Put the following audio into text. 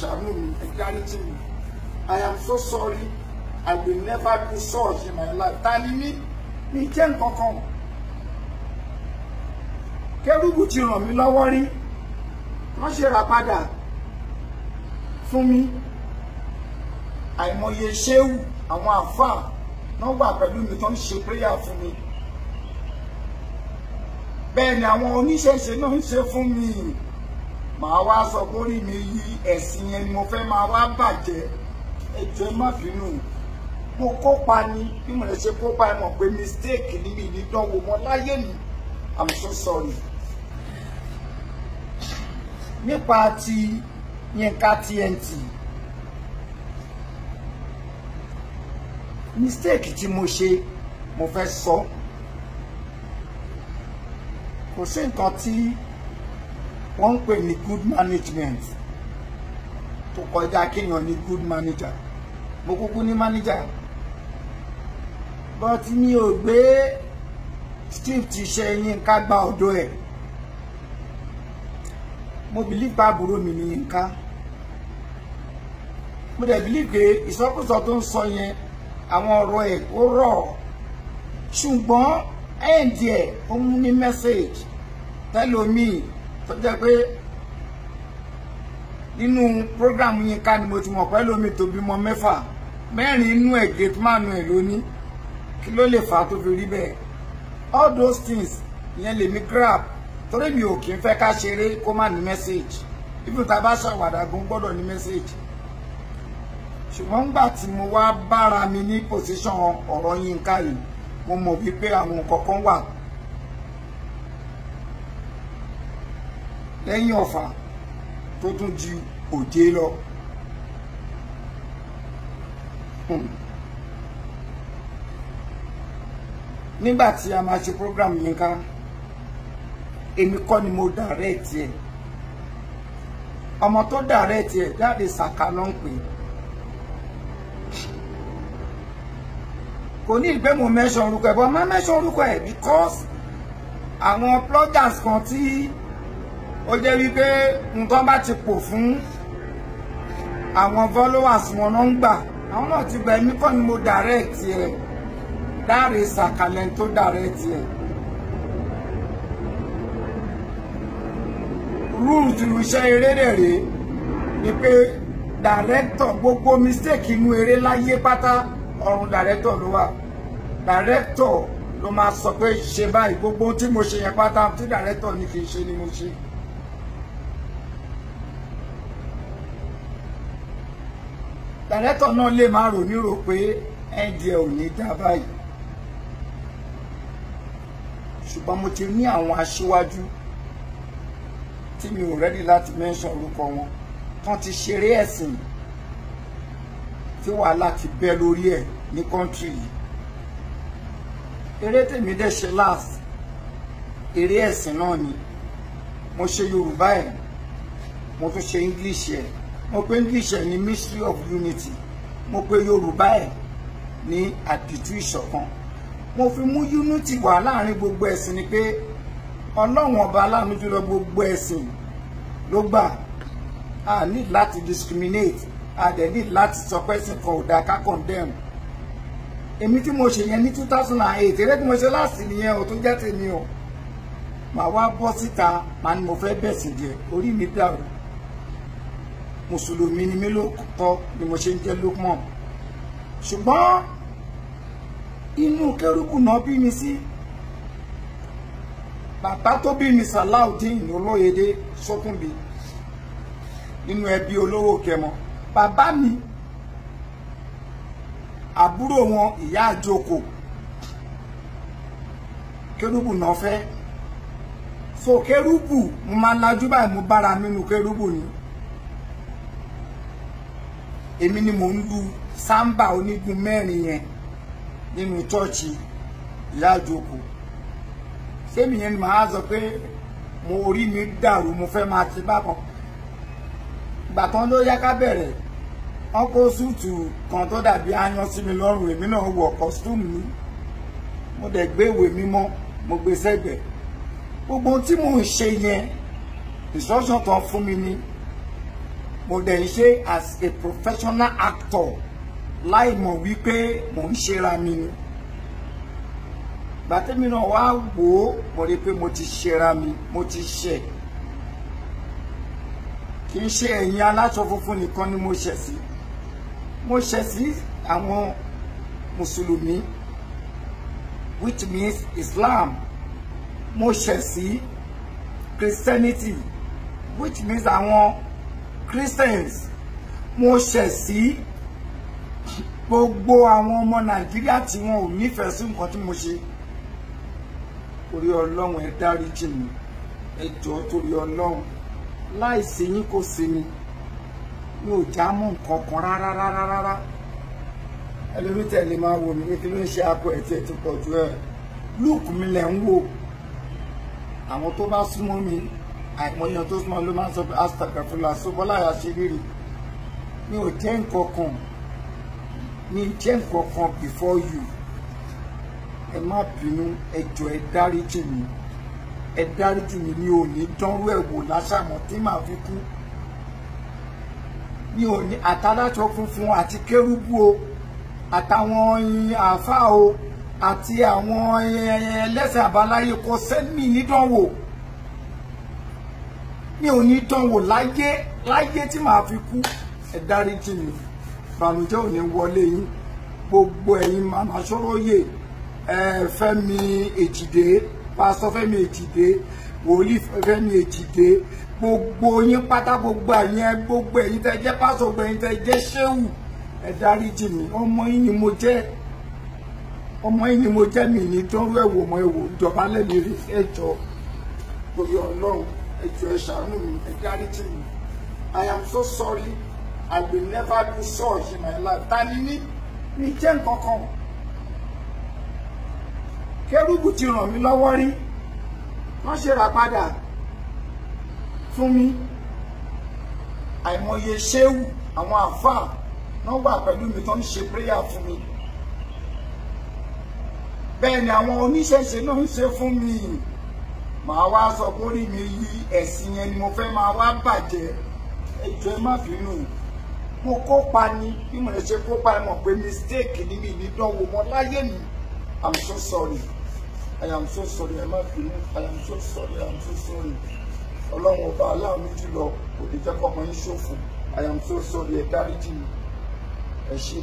ṣàánú mi ẹ mi I am so sorry I will never do such in my life ta ni mi jẹ́ nǹkan kan kérúbù ti ràn mí lọ́wọ́ rí wọ́n ṣe rà padà fún mi àìmọye ṣéwù àwọn àfáà náà wà pẹ̀lú mi tó ń ṣe péyà fún mi bẹ́ẹ̀ ni àwọn oníṣẹ̀ṣe náà ń ṣe fún mi màá wá sọ pé ó rí mi yí ẹ̀sìn yẹn ni mo fẹ́ máa wá bàjẹ́ ẹ̀jẹ̀ má bínú mo kópa ni bí mo lè ṣe kópa ẹ mọ̀ pé mistake ni mi nídánwò mọ́ láyé mi i'm so sorry nípa ti Yínká TNT mistake tí mo ṣe mo fẹ́ sọ kò sí nǹkan tí wọ́n ń pè ní good management tó kọjá kéèyàn ní good manager mo kúkú ní manager but mi ò gbé steve ti ṣe Yínká gba ọ̀dọ̀ ẹ̀ mo believe pa àbúrò mi ní Yínká mo dẹ̀ believe pé ìsọkúsọ tó ń sọ yẹn àwọn ọ̀rọ̀ ẹ̀ ó rọ̀ ṣùgbọ́n ẹ̀ǹdì ẹ̀ ó mú ní message tẹ́lómìn tó jẹ́ pé nínú program yín ká ni mo ti mọ̀ pẹ́ lómi tó bímọ mẹ́fà mẹ́rin inú ẹ̀ great man ẹ̀ lóní kí ló lè fà á tó fi rí bẹ́ẹ̀ all those things ìyẹn lèmi grab torí mi ò kì í fẹ́ ká ṣeré kó má ní message ibi tá a bá ṣàwàdà gan gbọ́dọ̀ ní message ṣùgbọ́n nígbà tí mo wá bára mi ní position ọ̀rọ̀ Yínká yìí mo mọ̀ wípé àwọn kọ̀ọ̀kan wà lẹ́yìn ọ̀fà tó tún ju òjé lọ. Hmm. nígbà tí a máa ṣe program yẹn ká èmi kọ́ ni mo direct ẹ̀ ọmọ tó direct ẹ̀ jáde ṣàkà ló ń pè kò ní ìgbé mo mention orúkọ ẹ̀ bọ́ máa mention orúkọ ẹ̀ because àwọn pluggers kan tí ó jẹ́ wípé nǹkan bá ti pọ̀ fún àwọn followers wọn náà ń gbà àwọn náà ti gbà èmi kọ́ ni mo direct rẹ̀ Dare Sàkàlẹ̀ tó direct rẹ̀. rules irúṣẹ́ eré rẹ̀ rèé ni pé director gbogbo mistake inú eré láyé pátá ọrùn director ló wà director ló máa sọ pé ṣe báyìí gbogbo tí mo ṣe yẹn pátá tí director ní kì ṣe ni mo ṣe. dàrẹ́tọ̀ náà lè máa rò nírò pé ndl ò ní dá báyìí ṣùgbọ́n mo ti ní àwọn aṣíwájú tí mi ò rẹ́dí láti mẹ́ńsàn orúkọ wọn tán ti ṣeré ẹ̀sìn tí wàhálà ti bẹ́ lórí ẹ̀ ní kọ́ńtì yìí eré tèmi dẹ̀ ṣe láàf eré ẹ̀sìn náà ni mo ṣe Yorùbá ẹ̀ mo tún ṣe English ẹ̀ mo pe english ẹ̀ mystery of unity mo pe yorùbá ẹ̀ ní àdìtú ìṣọ̀kan mo fi mú unity wá láàrin gbogbo ẹ̀sìn ni pe ọlọ́run ọba aláàánú jùlọ gbogbo ẹ̀sìn ló gbà a ní láti discriminate a dẹ̀ need láti sọ pé ẹ̀sìn kan ò condemn èmi tí mo ṣe yẹn ní two thousand and eight mo ṣe láti nìyẹn ò tó jẹ́ tèmi o màá wá bọ́ síta màá ni mo fẹ́ bẹ̀sìn jẹ orí mi dàrú mùsùlùmí ni mí lóòótọ́ ni mo ṣe ń jẹ́ Lukman ṣùgbọ́n inú kẹrùkù náà bí mi sí bàbá tó bí mi Salaudeen Olóyèdé Sókúnbí nínú ẹbí olówó kẹmọ bàbá mi àbúrò wọn ìyá àjòkò kérúbù náà fẹ́ so kérúbù mo máa lajú báyìí mo bára mi nínú kérúbù ni èmi ni mò ń lu sáńbà onígun mẹ́rin yẹn nínú chọ́ọ̀chì ìyá àjòkò sẹ́mi yẹn ni màá sọ pé mo orí mi dàrú mo fẹ́ máa ti bákan ìgbà kan ló yá ká bẹ̀rẹ̀ wọ́n kó súùtù kan tó dàbí ayan sí mi lọ́rùn èmi náà wọ̀ kọ́sítúmù mi mo dẹ̀ gbé ìwé mímọ́ mo gbé sẹ́gbẹ̀ẹ́ gbogbo ohun tí mò ń ṣe yẹn instruction kan fún mi ni mo dẹ̀ ń ṣe as a professional actor láì mọ̀ wípé mò ń ṣera mi ni gbàtẹ́mi náà wá wò ó mo rí i pé mo ti ṣera mi mo ti ṣẹ̀ kì í ṣe ẹ̀yin aláṣọ funfun nìkan ni mo ṣẹ̀ sí mo ṣẹ̀ sí àwọn mùsùlùmí which means Islam mo ṣẹ̀ sí Christianity which means àwọn. Christians mo ṣẹ̀ sí gbogbo àwọn ọmọ Nàìjíríà tí wọn ò nífẹ̀ẹ́ sí nǹkan tí mo ṣe orí Ọlọ́run ẹ dáríjì mi ẹ jọ̀ọ́ torí Ọlọ́run láìsí yín kò sí mi mi ò já mọ́ nǹkan kan rárá rárá rárá ẹlẹ́rú tẹ̀lé máa wò mí kí ló ń ṣe akọ ẹ̀tí ẹ̀tí pọ̀ jù ẹ̀ lùkù mi lẹ̀ ń wò àwọn tó bá súnmọ́ mi àìmọyàn tó súnmọ́ ló máa ń sọ pé astagafula sọbọláyà ṣe rírì mi ò jẹ́ nǹkan kan mi jẹ́ nǹkan kan before you ẹ má bínú ẹ jọ̀ọ́ ẹ dáríjì mi ẹ dáríjì mi mi ò ní dánrú ẹ wò láṣàmọ tí màá fi kú mi ò ní àtàdájọ funfun àti kérúbù o àtàwọn ọyìn àáfàá o àti àwọn ẹlẹ́sẹ̀ àbáláyé kò sẹ́ni nídánwò mi ò ní dánwò láyé láyé tí màá fi kú ẹ dáríjì mi ìbànújẹ́ ò ní wọlé yín gbogbo ẹ̀yin màmá sọ́rọ́yè ẹ Fẹ́mi Èjìdé pásítọ̀ Fẹ́mi Èjìdé wòlíì Fẹ́mi Èjìdé gbogbo yín pátá gbogbo àyẹn gbogbo ẹ̀yin tẹ́ jẹ́ pásítọ̀ gbogbo ẹ̀yin tẹ́ jẹ́ ṣéwù ẹ dáríjì mi ọmọ yín ni mo jẹ́ ọmọ yín ni mo jẹ́ mi ní dánwò ẹ̀wò ọmọ ẹ̀wò ìjọba lẹ́mìí rí ẹjọ́ lórí Ọlọ́run. I am so sorry I will never do such in my life ta ni mí mi jẹ́ nǹkan kan kérúbù ti ràn mí lọ́wọ́ rí wọ́n ṣe rà padà fún mi àìmọye ṣéwù àwọn àfáà náà wà pẹ̀lú mi tó ń ṣe píríyà fún mi bẹ́ẹ̀ ni àwọn oníṣẹ̀ṣe náà ń ṣe fún mi màá wá sọ pé orí mi yí ẹ̀sìn yẹn ni mo fẹ́ máa wá bàjẹ́ ẹjọ́ ẹ má bínú mo kópa ni bí mo lè ṣe kópa mọ̀ pé mistake ni mi ní dánwò mọ́ láyé mi i'm so sorry i am so sorry ẹ má bínú i am so sorry i am so sorry ọlọ́run ọba aláàánú jùlọ kò lè jẹ́ kọ́ ọmọ yín ṣòfò i am so sorry ẹ dáríjì mi ẹ ṣé.